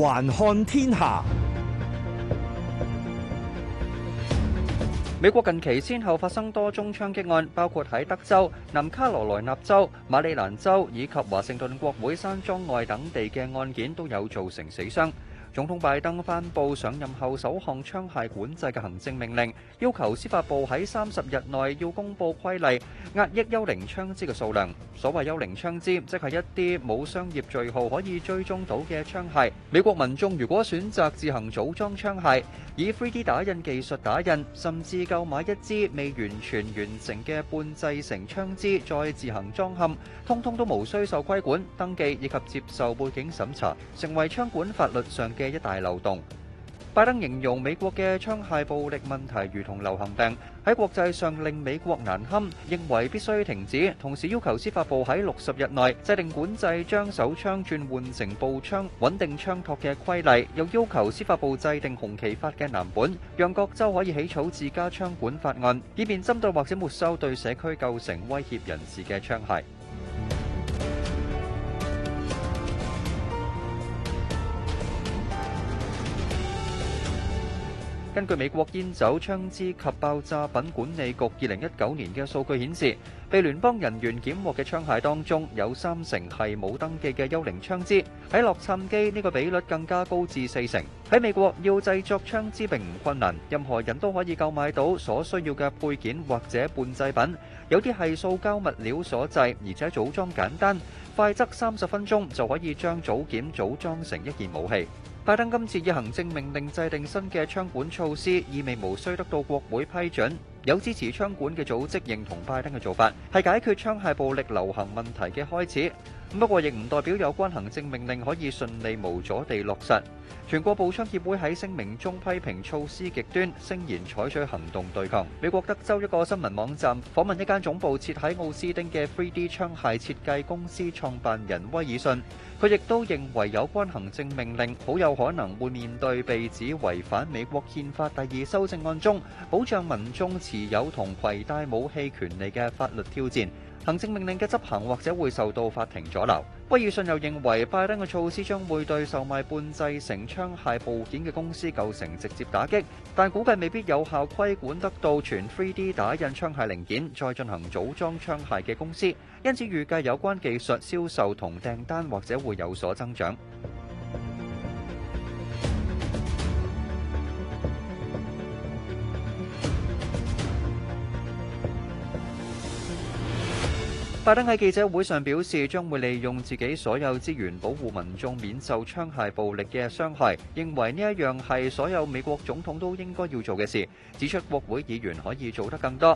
環看天下，美國近期先後發生多宗槍擊案，包括喺德州、南卡羅來納州、馬里蘭州以及華盛頓國會山莊外等地嘅案件，都有造成死傷。總統拜登頒布上任後首項槍械管制嘅行政命令，要求司法部喺三十日內要公布規例，壓抑幽靈槍支嘅數量。所謂幽靈槍支，即係一啲冇商業序號可以追蹤到嘅槍械。美國民眾如果選擇自行組裝槍械，以 3D 打印技術打印，甚至購買一支未完全完成嘅半製成槍支，再自行裝嵌，通通都無需受規管登記以及接受背景審查，成為槍管法律上嘅一大漏洞。拜登形容美國嘅槍械暴力問題如同流行病，喺國際上令美國難堪，認為必須停止。同時要求司法部喺六十日內制定管制將手槍轉換成步槍穩定槍托嘅規例，又要求司法部制定紅旗法嘅藍本，讓各州可以起草自家槍管法案，以便針對或者沒收對社區構成威脅人士嘅槍械。根據美國煙酒槍支及爆炸品管理局拜登今次以行政命令制定新嘅槍管措施，意味無需得到國會批准。有支持槍管嘅組織認同拜登嘅做法，係解決槍械暴力流行問題嘅開始。不過，亦唔代表有關行政命令可以順利無阻地落實。全國步槍協會喺聲明中批評措施極端，聲言採取行動對抗。美國德州一個新聞網站訪問一間總部設喺奧斯汀嘅 3D 槍械設計公司創辦人威爾遜，佢亦都認為有關行政命令好有可能會面對被指違反美國憲法第二修正案中保障民眾持有同攜帶武器權利嘅法律挑戰。，行政命令嘅執行或者會受到法庭阻撓。威爾遜又認為，拜登嘅措施將會對售賣半製成槍械部件嘅公司構成直接打擊，但估計未必有效規管得到全 3D 拜登喺記者會上表示將會利用自己所有資源保護民眾免受槍械暴力嘅傷害，認為呢一樣係所有美國總統都應該要做嘅事，指出國會議員可以做得更多。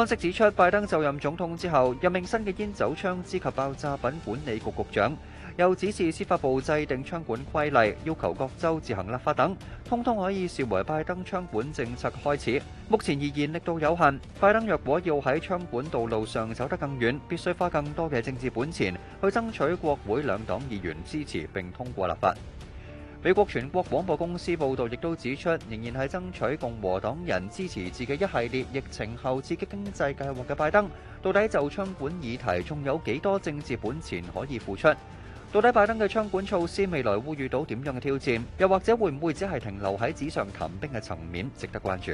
分析指出，拜登就任總統之後任命新嘅煙酒槍支及爆炸品管理局局長，又指示司法部制定槍管規例、要求各州自行立法等，通通可以視為拜登槍管政策開始。目前而言力度有限，拜登若果要喺槍管道路上走得更遠，必須花更多嘅政治本錢去爭取國會兩黨議員支持，並通過立法。美國全國廣播公司報道亦都指出，仍然係爭取共和黨人支持自己一系列疫情後刺激經濟計劃嘅拜登，到底就槍管議題仲有幾多政治本錢可以付出？到底拜登嘅槍管措施未來會遇到點樣嘅挑戰？又或者會唔會只係停留喺紙上談兵嘅層面？值得關注。